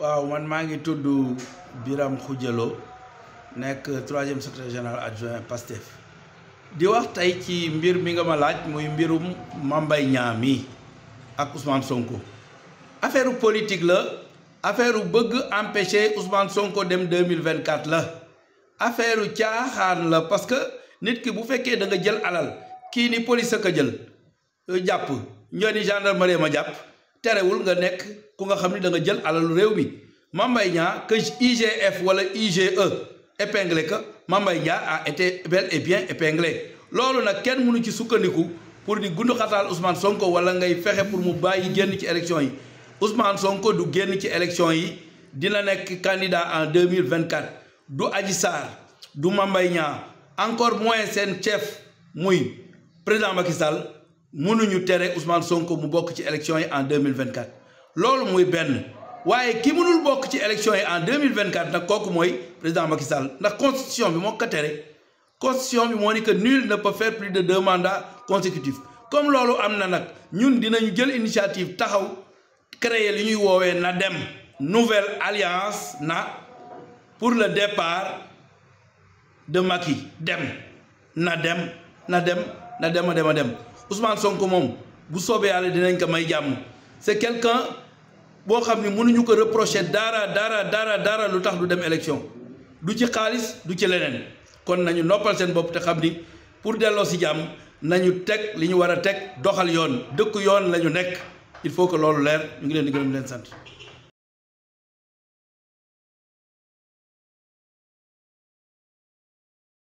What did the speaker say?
waaw man maa ngi tudd biram Khoudialo nekk troisième secrétaire général adjoint PASTEF di wax tey ci mbir mi nga ma laaj muy mbirum mambay Mbaye Niang mi ak Ousmane Sonko affaire politique la affaire bëgg empêcher Ousmane Sonko dem 2024 la affaire caaxaan la parce que nit ki bu fekkee da nga jël alal kii ni police ka jël jàpp ñoo ni gendarmerie ma jàpp terewul nga nek ku nga xamni da nga jël alalu rew mi Mame Mbaye que IGF wala IGE épinglé que Mame Mbaye a été bel et bien épinglé lolu nak kenn mënu ci sukkandiku pour di gundu xataal Ousmane Sonko wala ngay fexé pour mu bayyi genn ci élection yi Ousmane Sonko du genn ci élection yi dina nek candidat en 2024 du Adji Sarr du Mame Mbaye encore moins sen chef muy président Macky Sall mënuñu téré Ousmane Sonko mu bok ci élection yi en 2024 loolu muy benn waaye ki mënul bok ci élection yi en 2024 nak koku moy président Macky Sall ndax constitution bi mo ko téré constitution bi mo ni que nul ne peut faire plus de deux mandats consécutifs comme loolu amna nak ñun dinañu jël initiative taxaw créer li ñuy wowe na dem nouvelle alliance na pour le départ de Macky dem na dem na dem na dem dem na dem Ousmane Sonko vous bu dinañ ko c'est quelqu'un qui xamni ne mënuñu ko reprocher dara dara dara dara lutax du dem élection du ci du ci lenen kon nañu pour délo que nous nañu liñu doxal il faut que lolu leer